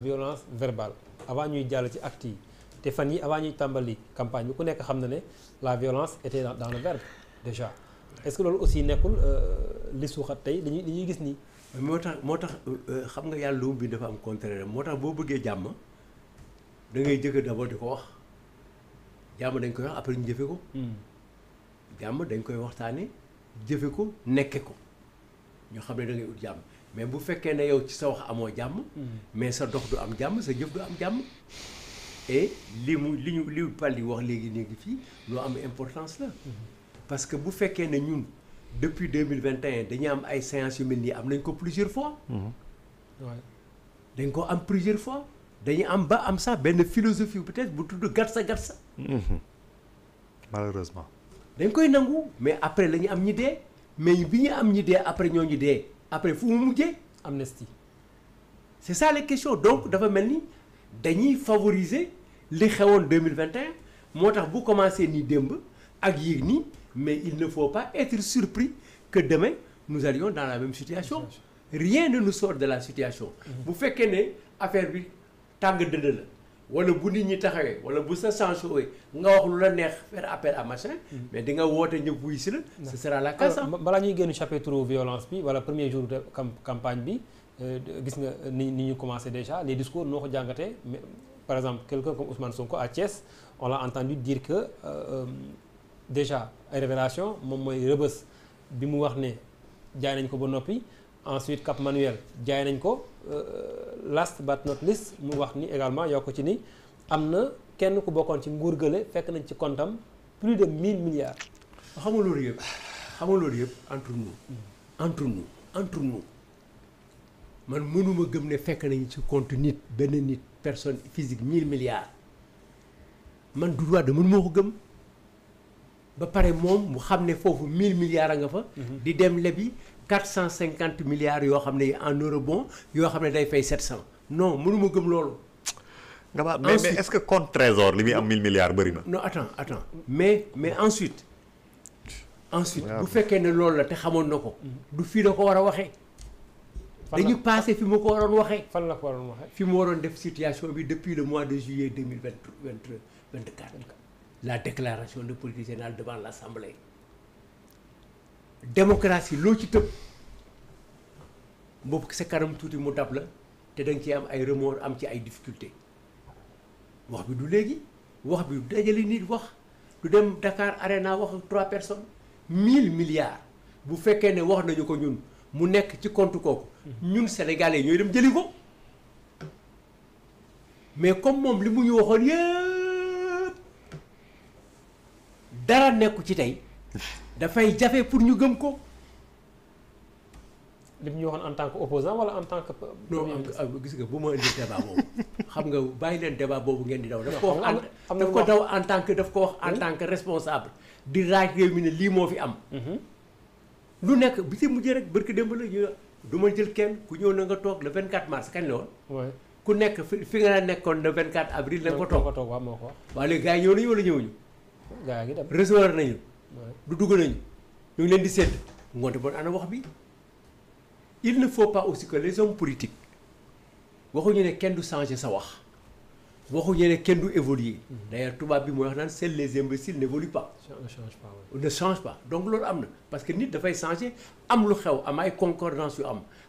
violence verbale avant ñuy jall ci acte té fan yi avant ñuy tambali campagne bi ku nekk xam na ne la violence était dans, dans le verbe déjà est-ce que lolu aussi nekul euh suuxat tey li ñuy li ñuy gis ni motax motax euh, xam nga yàlla bi dafa am contraire motax bo boo bëggee jàmm da ngay jëkk d'abord diko wax jamm dañ koy wax après ñu jëfé ko. jamm dañ koy waxtané jëfé ko nekke ko ñu xam ne da ngay ut jàmm mais bu vous ne yow ci sa wax amo hmm. mais sa dox du am jàmm sa am et li avons les les importance hmm. parce que vous faites ñun depuis 2021, mille plusieurs fois. Hmm. dañ am plusieurs fois am ba am philosophie peut-être gatsa gatsa. malheureusement. dañ koy nangu mais après la am idées. mais nous am après après vous mu c'est ça la question. donc dafa mel favoriser les 2021 montre vous commencez ni demb, mais il ne faut pas être surpris que demain nous allions dans la même situation rien ne nous sort de la situation Vous mm-hmm. faites ne affaire bi que de wala bu nit ñi taxawé wala bu sa censuré nga wax lu la neex faire appel à machin. Hmm. mais di nga woté ñëpp wuy si la. ce sera la casse hein. bala ñuy génn chapitre violence bi wala premier jour de campagne bi euh, gis nga euh, ni ni ñu commencé déjà les discours noo jangaté par exemple quelqu'un comme Ousmane Sonko à Thiès on l'a entendu dire que euh, déjà ay révélation moom mooy rëbës bi mu wax né jaay nañ ko ba nopi ensuite Cap Manuel jaay nañ ko euh, last but not least mu wax ni également yokk ci ni am na kenn ku bokkoon ci nguur gële fekk nañ ci kontam plus de 1000 milliards. xam nga loolu yëpp xam nga loolu yëpp entre nous. entre nous entre nous man mënuma gëm ne fekk nañ ci compte nit benn nit personne physique 1000 milliards man du droit de mënuma ko gëm. Par exemple, moom mu 1000 milliards nga fa. 450 mhm. milliards en euros bon, yo fait 700 non mais est-ce que compte trésor 1000 milliards non attends attends mais mais ensuite. ensuite bu faites ne la te ko. Mhm. du dañu passé fi depuis le mois de juillet 2024. la déclaration de politique générale devant l'Assemblée démocratie loo ci tëb boobu sa kanam tuuti mu dab la te da nga am ay remords am ci ay difficultés wax bi du léegi wax bi dajale nit wax du dem Dakar Arena wax ak trois personnes mille milliards bu fekkee ne wax nañu ko ñun mu nekk ci compte kooku ñun sénégalais ñooy dem jëli ko mais comme moom li mu ñu waxoon yëpp. dara nekku ci tey dafay jafe pour ñu gëm ko. li mu ñu waxoon en tant que opposant wala en tant que. Ah, ah, nga bu ma indi débat boobu xam nga bàyyi leen débat boobu ngeen di daw. daf ko wax daf ko daw en tant que daf ko wax en hmm? tant que responsable. di raaj réew mi ne lii moo fi am. Mm-hmm. lu nekk bi si mujjee rek barki démb la ñu ma jël kenn ku ñëw na nga toog le 24 mars kañ la woon. ku nekk fi nga nekkoon le 24 avril. la nga ko toog waaw léegi gars yi ñëw nañu wala gaa ngi dem recevoir nañu. du dugg nañu ñu ngi leen di sedd ngoonte bon ana wax bi il ne faut pas aussi que les hommes politiques ñu ne kenn du changer sa wax ñu ne kenn du évoluer mm-hmm. d'ailleurs tubaab bi mooy wax naan c'est les imbéciles n'évoluent pas. ne change pas ne change pas donc loolu am na parce que nit dafay changer am lu xew am ay concordance yu am.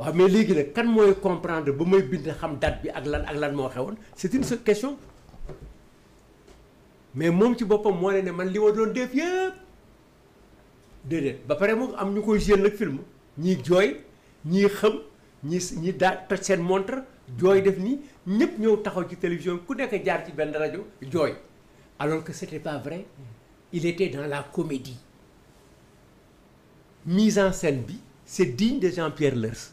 Ah mais léegi nag kan mooy comprendre ba may bind xam date bi ak lan ak lan moo c'est une question mais moom ci boppam moo ne ne man li ma doon def yëpp déedéet ba pare am ñu koy génn film ni joy, ni xam ni ñi daa toj montre joy def ni ñëpp ñëw taxaw ci télévision ku nekk jaar ci benn rajo joy. alors que c'était pas vrai il était dans la comédie mise en scène bi c'est digne de Jean-Pierre Lers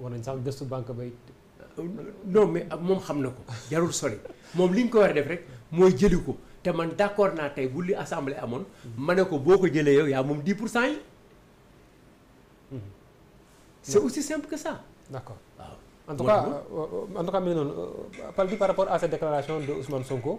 war nañ sax gëstu banque bay non mais moom xam na ko jarul sori moom li ñu ko war a def rek mooy jëli ko te man d'accord naa tey bul li assemblée amoon mhm. ma ne ko boo ko jëlee yow yaa moom 10 pour cent yi mhm. c'est aussi simple que ça d'accord waaw en tout cas euh, euh, en tout cas mi ngi noonu euh, par rapport à cette déclaration de Ousmane Sonko